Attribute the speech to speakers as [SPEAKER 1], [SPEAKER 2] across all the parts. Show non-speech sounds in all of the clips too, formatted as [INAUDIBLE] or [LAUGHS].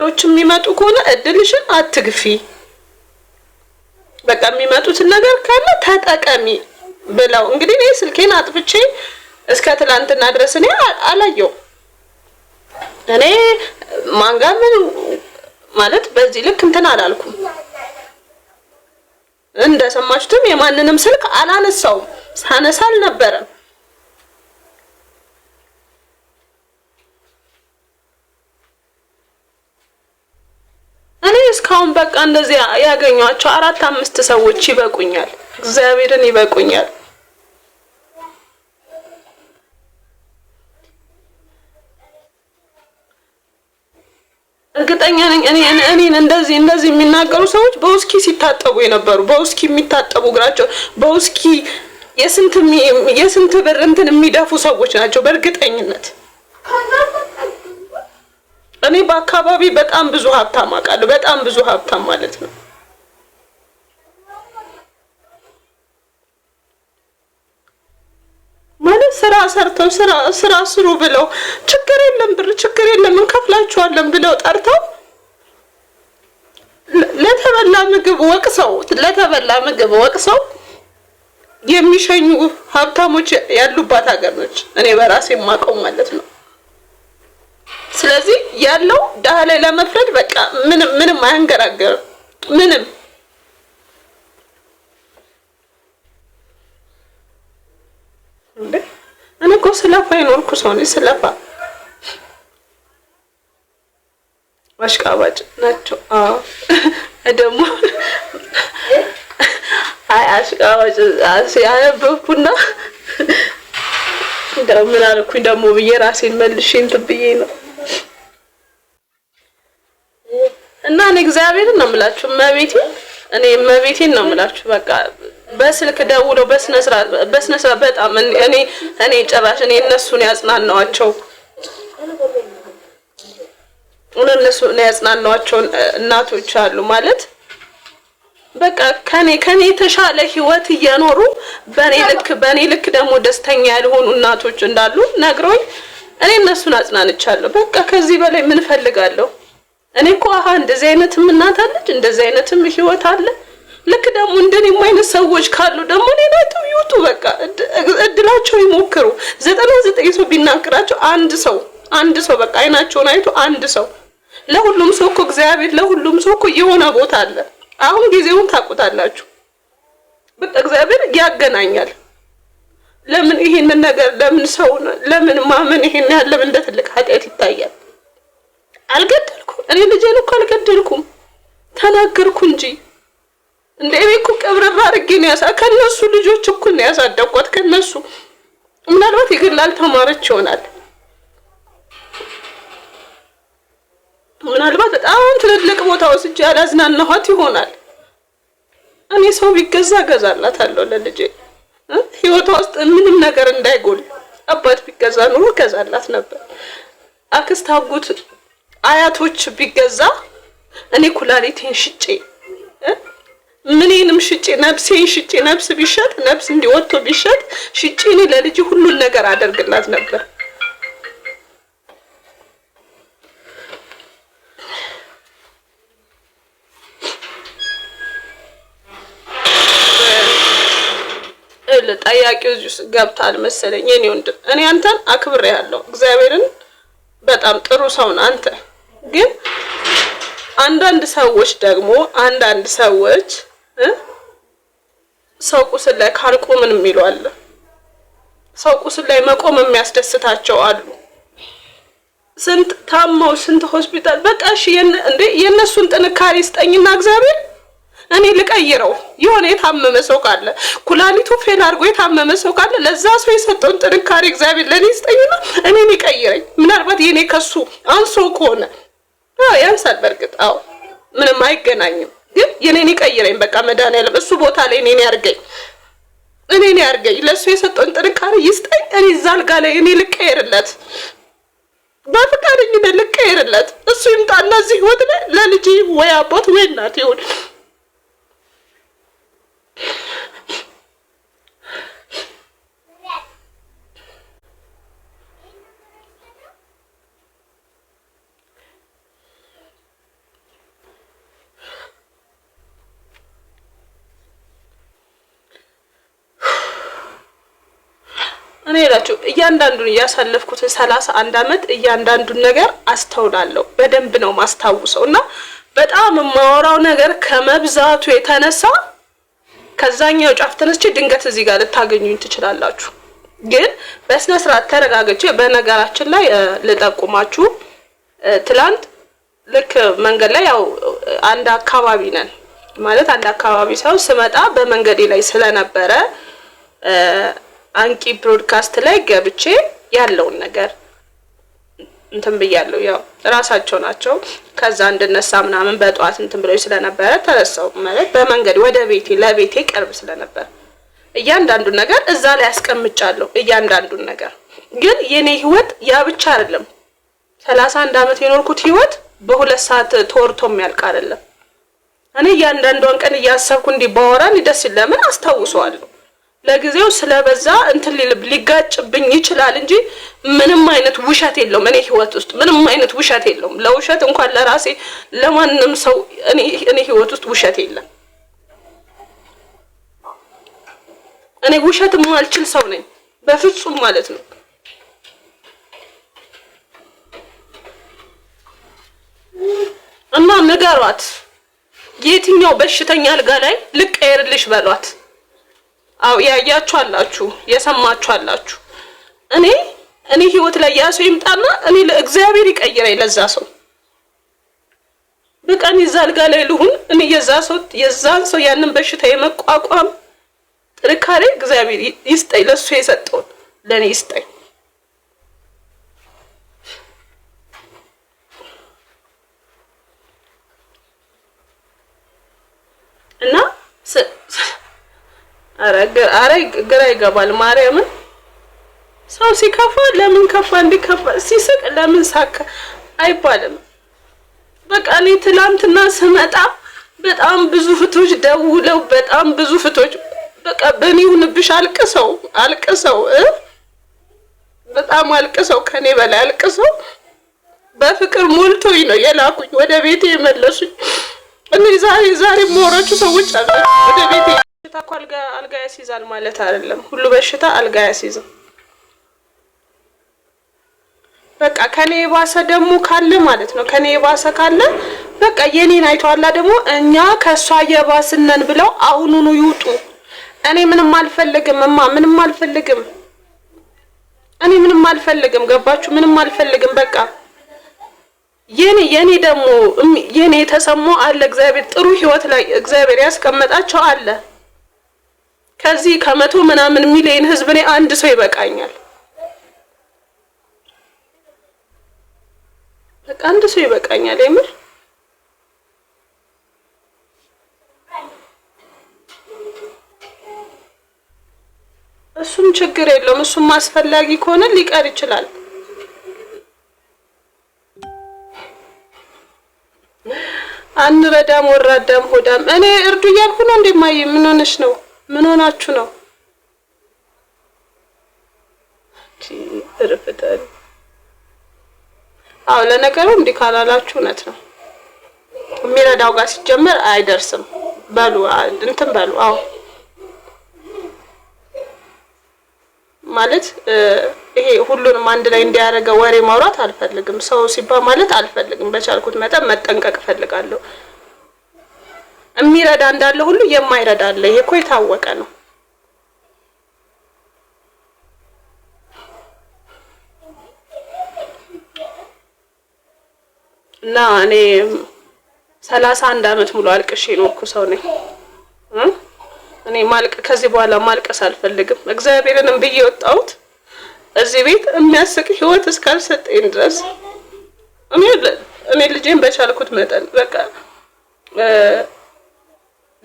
[SPEAKER 1] ሌሎች የሚመጡ ከሆነ እድልሽን አትግፊ። በቃ የሚመጡትን ነገር ካለ ተጠቀሚ ብለው እንግዲህ እኔ ስልኬን አጥፍቼ እስከ ትላንትና ድረስ እኔ አላየው እኔ ማንጋ ምን ማለት በዚህ ልክ እንትን አላልኩም። እንደሰማችሁትም የማንንም ስልክ አላነሳውም፣ ሳነሳ አልነበረም። ካሁን በቃ እንደዚህ ያገኟቸው አራት አምስት ሰዎች ይበቁኛል፣ እግዚአብሔርን ይበቁኛል። እርግጠኛ ነኝ እኔ እኔን እንደዚህ እንደዚህ የሚናገሩ ሰዎች በውስኪ ሲታጠቡ የነበሩ በውስኪ የሚታጠቡ እግራቸው በውስኪ የስንት የስንት ብር እንትን የሚደፉ ሰዎች ናቸው በእርግጠኝነት። እኔ በአካባቢ በጣም ብዙ ሀብታም አውቃለሁ። በጣም ብዙ ሀብታም ማለት ነው። ማለት ስራ ሰርተው ስራ ስራ ስሩ ብለው ችግር የለም ብር ችግር የለም እንከፍላችኋለን ብለው ጠርተው ለተበላ ምግብ ወቅሰው ለተበላ ምግብ ወቅሰው የሚሸኙ ሀብታሞች ያሉባት ሀገር ነች። እኔ በራሴ የማውቀው ማለት ነው። ስለዚህ ያለው ድሀ ላይ ለመፍረድ በቃ ምንም ምንም አያንገራገርም። ምንም እኔ እኮ ስለፋ ይኖርኩ ሰው ነኝ። ስለፋ አሽቃባጭ ናቸው። አዎ [LAUGHS] ደግሞ አይ አሽቃባጭ ያነበብኩና ምን አልኩኝ ደግሞ ብዬ ራሴን መልሼ እንትን ብዬ ነው እኔ እግዚአብሔርን ነው የምላችሁ። መቤቴ እኔ መቤቴን ነው የምላችሁ። በቃ በስልክ ደውለው በስነ ስርዓት በስነ ስርዓት በጣም እኔ እኔ ጭራሽ እኔ እነሱን ያጽናናዋቸው እነሱ ነው ያጽናናቸው እናቶች አሉ ማለት በቃ ከኔ ከኔ የተሻለ ህይወት እየኖሩ በኔ ልክ በኔ ልክ ደግሞ ደስተኛ ያልሆኑ እናቶች እንዳሉ ነግሮኝ እኔ እነሱን አጽናንቻለሁ። በቃ ከዚህ በላይ ምን ፈልጋለሁ? እኔ እኮ አሀ እንደዚህ አይነትም እናት አለች፣ እንደዚህ አይነትም ህይወት አለ። ልክ ደግሞ እንደኔም አይነት ሰዎች ካሉ ደግሞ ሌላቸው ይወጡ፣ በቃ እድላቸው ይሞክሩ። ዘጠና ዘጠኝ ሰው ቢናገራቸው አንድ ሰው አንድ ሰው በቃ አይናቸውን አይቶ አንድ ሰው ለሁሉም ሰው እኮ እግዚአብሔር ለሁሉም ሰው እኮ የሆነ ቦታ አለ። አሁን ጊዜውን ታውቁታላችሁ። በቃ እግዚአብሔር ያገናኛል። ለምን ይሄንን ነገር ለምን ሰው ለምን ማመን ይሄን ያህል እንደ ትልቅ ኃጢአት ይታያል? አልገደልኩም። እኔ ልጄን እኮ አልገደልኩም፣ ተናገርኩ እንጂ እንደ እኔ እኮ ቀብረራ አድርጌ ነው ያሳ ከነሱ ልጆች እኩል ነው ያሳደግኳት። ከነሱ ምናልባት ይገላል ተማረች ይሆናል ምናልባት በጣም ትልልቅ ቦታ ወስጄ ያላዝናናኋት ይሆናል። እኔ ሰው ቢገዛ እገዛላታለሁ ለልጄ ህይወቷ ውስጥ ምንም ነገር እንዳይጎል አባት ቢገዛ ኑሮ እገዛላት ነበር። አክስት አጎት አያቶች ቢገዛ እኔ ኩላሊቴን ሽጬ ምኔንም ሽጬ ነፍሴን ሽጬ ነብስ ቢሸጥ ነብስ እንዲወጥቶ ቢሸጥ ሽጬ እኔ ለልጅ ሁሉን ነገር አደርግላት ነበር። ጠያቂው እዚህ ውስጥ ገብታል መሰለኝ። እኔ ወንድም እኔ አንተን አክብሬ ያለው እግዚአብሔርን በጣም ጥሩ ሰውን አንተ ግን አንዳንድ ሰዎች ደግሞ አንዳንድ ሰዎች ሰው ቁስል ላይ ካልቆምን የሚሉ አለ። ሰው ቁስል ላይ መቆም የሚያስደስታቸው አሉ። ስንት ታመው ስንት ሆስፒታል በቃ እሺ፣ እንዴ የእነሱን ጥንካሬ ስጠኝና እግዚአብሔር እኔ ልቀይረው። የሆነ የታመመ ሰው ካለ ኩላሊቱ ፌል አድርጎ የታመመ ሰው ካለ ለዛ ሰው የሰጠውን ጥንካሬ እግዚአብሔር ለእኔ ስጠኝና እኔን ይቀይረኝ። ምናልባት የእኔ ከሱ አንሶ ከሆነ አዎ ያንሳል። በእርግጥ አዎ ምንም አይገናኝም። ግን የኔን ይቀይረኝ በቃ መድኃኒዓለም እሱ ቦታ ላይ እኔን ያርገኝ፣ እኔን ያርገኝ። ለእሱ የሰጠውን ጥንካሬ ይስጠኝ። እኔ እዛ አልጋ ላይ እኔ ልቀይርለት በፍቃደኝነት ልቀይርለት። እሱ ይምጣና እዚህ ህይወት ላይ ለልጅ ወይ አባት ወይ እናት ይሁን እኔ እላችሁ እያንዳንዱን እያሳለፍኩትን ሰላሳ አንድ አመት እያንዳንዱን ነገር አስተውላለሁ። በደንብ ነው ማስታውሰው እና በጣም የማወራው ነገር ከመብዛቱ የተነሳ ከዛኛው ጫፍ ተነስቼ ድንገት እዚህ ጋር ልታገኙኝ ትችላላችሁ። ግን በስነ ስርዓት ተረጋግቼ፣ በነገራችን ላይ ልጠቁማችሁ፣ ትላንት ልክ መንገድ ላይ ያው አንድ አካባቢ ነን ማለት አንድ አካባቢ ሰው ስመጣ በመንገዴ ላይ ስለነበረ አንቂ ብሮድካስት ላይ ገብቼ ያለውን ነገር እንትን ብያለሁ። ያው ራሳቸው ናቸው ከዛ እንድነሳ ምናምን በጠዋት እንትን ብለው ስለነበረ ተረሳው ማለት በመንገድ ወደ ቤቴ ለቤቴ ቅርብ ስለነበር እያንዳንዱን ነገር እዛ ላይ ያስቀምጫለሁ። እያንዳንዱን ነገር ግን የኔ ህይወት ያ ብቻ አይደለም። ሰላሳ አንድ አመት የኖርኩት ህይወት በሁለት ሰዓት ተወርቶ የሚያልቅ አይደለም። እኔ እያንዳንዷን ቀን እያሰብኩ እንዲህ ባወራን ደስ ይለምን አስታውሰዋለሁ። ለጊዜው ስለበዛ እንትን ሊጋጭብኝ ይችላል እንጂ ምንም አይነት ውሸት የለውም። እኔ ህይወት ውስጥ ምንም አይነት ውሸት የለውም። ለውሸት እንኳን ለራሴ ለማንም ሰው እኔ ህይወት ውስጥ ውሸት የለም። እኔ ውሸት ማልችል ሰው ነኝ፣ በፍጹም ማለት ነው። እና ንገሯት፣ የትኛው በሽተኛ አልጋ ላይ ልቀየርልሽ በሏት። አው ያያችሁ አላችሁ፣ የሰማችሁ አላችሁ። እኔ እኔ ህይወት ላይ ያ ሰው ይምጣና እኔ ለእግዚአብሔር ይቀይረኝ ለዛ ሰው በቀን እኔ አልጋ ላይ ልሁን። እኔ የዛ ሰው የዛን ሰው ያንን በሽታ የመቋቋም ጥንካሬ እግዚአብሔር ይስጠኝ። ለሱ የሰጠውን ለእኔ ይስጠኝ። እና አረ ግራ ይገባል። ማርያምን ሰው ሲከፋ ለምን ከፋ እንዲከፋ ሲስቅ ለምን ሳካ አይባልም። በቃ እኔ ትላንትና ስመጣ በጣም ብዙ ፍቶች ደውለው በጣም ብዙ ፍቶች በቃ በእኔ ይሁንብሽ አልቅሰው አልቅሰው በጣም አልቅሰው ከኔ በላይ አልቅሰው በፍቅር ሞልቶኝ ነው የላኩኝ ወደ ቤቴ የመለሱኝ። እኔ ዛሬ ዛሬ መወረቹ ሰዎች አለ ወደ ቤቴ በሽታ እኮ አልጋ አልጋ ያስይዛል ማለት አይደለም። ሁሉ በሽታ አልጋ ያስይዝም። በቃ ከኔ የባሰ ደግሞ ካለ ማለት ነው። ከኔ የባሰ ካለ በቃ የኔን አይተዋላ ደግሞ እኛ ከእሷ የባስነን ብለው አሁኑኑ ይውጡ። እኔ ምንም አልፈልግም እማ፣ ምንም አልፈልግም። እኔ ምንም አልፈልግም። ገባችሁ? ምንም አልፈልግም። በቃ የኔ የኔ ደግሞ የኔ የተሰማው አለ። እግዚአብሔር ጥሩ ህይወት ላይ እግዚአብሔር ያስቀመጣቸው አለ። ከዚህ ከመቶ ምናምን ሚሊዮን ህዝብ እኔ አንድ ሰው ይበቃኛል። በቃ አንድ ሰው ይበቃኛል። የምር እሱም ችግር የለውም። እሱም አስፈላጊ ከሆነ ሊቀር ይችላል። አንረዳም፣ ወራዳም፣ ሆዳም እኔ እርዱ እያልኩ ነው። እንደማየ ምን ሆነሽ ነው? ምን ሆናችሁ ነው? እርፍጠን አዎ፣ ለነገሩ እንዲህ ካላላችሁ እውነት ነው። የሚረዳው ጋር ሲጀመር አይደርስም። በሉ እንትን በሉ። አዎ ማለት ይሄ ሁሉንም አንድ ላይ እንዲያደርገው ወሬ ማውራት አልፈልግም። ሰው ሲባል ማለት አልፈልግም። በቻልኩት መጠን መጠንቀቅ እፈልጋለሁ። የሚረዳ እንዳለ ሁሉ የማይረዳ አለ። ይሄ እኮ የታወቀ ነው። እና እኔ ሰላሳ አንድ አመት ሙሉ አልቅሽ የኖርኩ ሰው ነኝ። እኔ ማልቅ ከዚህ በኋላ ማልቀስ አልፈልግም። እግዚአብሔርንም ብዬ የወጣሁት እዚህ ቤት የሚያስቅ ህይወት እስካልሰጠኝ ድረስ እኔ ልጄን በቻልኩት መጠን በቃ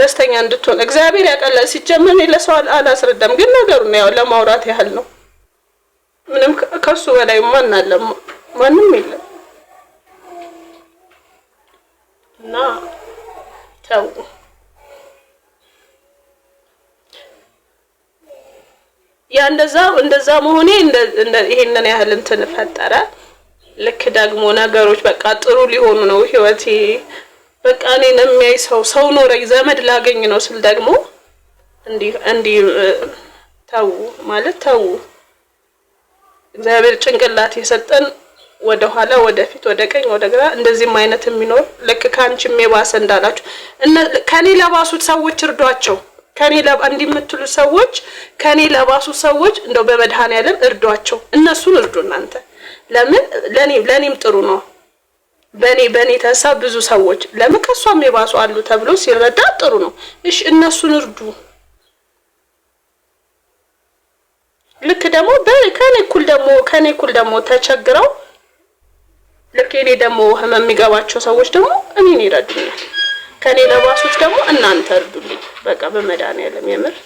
[SPEAKER 1] ደስተኛ እንድትሆን እግዚአብሔር ያቀላል። ሲጀመር ለሰው አላስረዳም፣ ግን ነገሩን ያው ለማውራት ያህል ነው። ምንም ከሱ በላይ ማን አለ? ማንም የለም። እና ተው ያ እንደዛ እንደዛ መሆኔ ይሄንን ያህል እንትን ፈጠረ። ልክ ደግሞ ነገሮች በቃ ጥሩ ሊሆኑ ነው ህይወቴ በቃ እኔ የሚያይ ሰው ሰው ኖረኝ ዘመድ ላገኝ ነው ስል ደግሞ እንዲህ እንዲህ ተው ማለት ተው። እግዚአብሔር ጭንቅላት የሰጠን ወደ ኋላ፣ ወደፊት፣ ወደ ቀኝ፣ ወደ ግራ እንደዚህም አይነት የሚኖር ልክ ከአንቺም የባሰ እንዳላችሁ ከኔ ለባሱት ሰዎች እርዷቸው። ከኔ እንዲህ የምትሉ ሰዎች ከኔ ለባሱ ሰዎች እንደው በመድኃኔዓለም እርዷቸው። እነሱን እርዱ እናንተ። ለምን ለኔም ለኔም ጥሩ ነው በእኔ በእኔ ተሳ ብዙ ሰዎች ለምን ከእሷም የባሱ አሉ ተብሎ ሲረዳ ጥሩ ነው። እሺ እነሱን እርዱ። ልክ ደግሞ ከኔ እኩል ደግሞ ከኔ እኩል ደግሞ ተቸግረው ልክ እኔ ደግሞ ህመም የሚገባቸው ሰዎች ደግሞ እኔን ይረዱኛል። ከኔ ለባሶች ደግሞ እናንተ እርዱልኝ። በቃ በመድኃኒዓለም የምር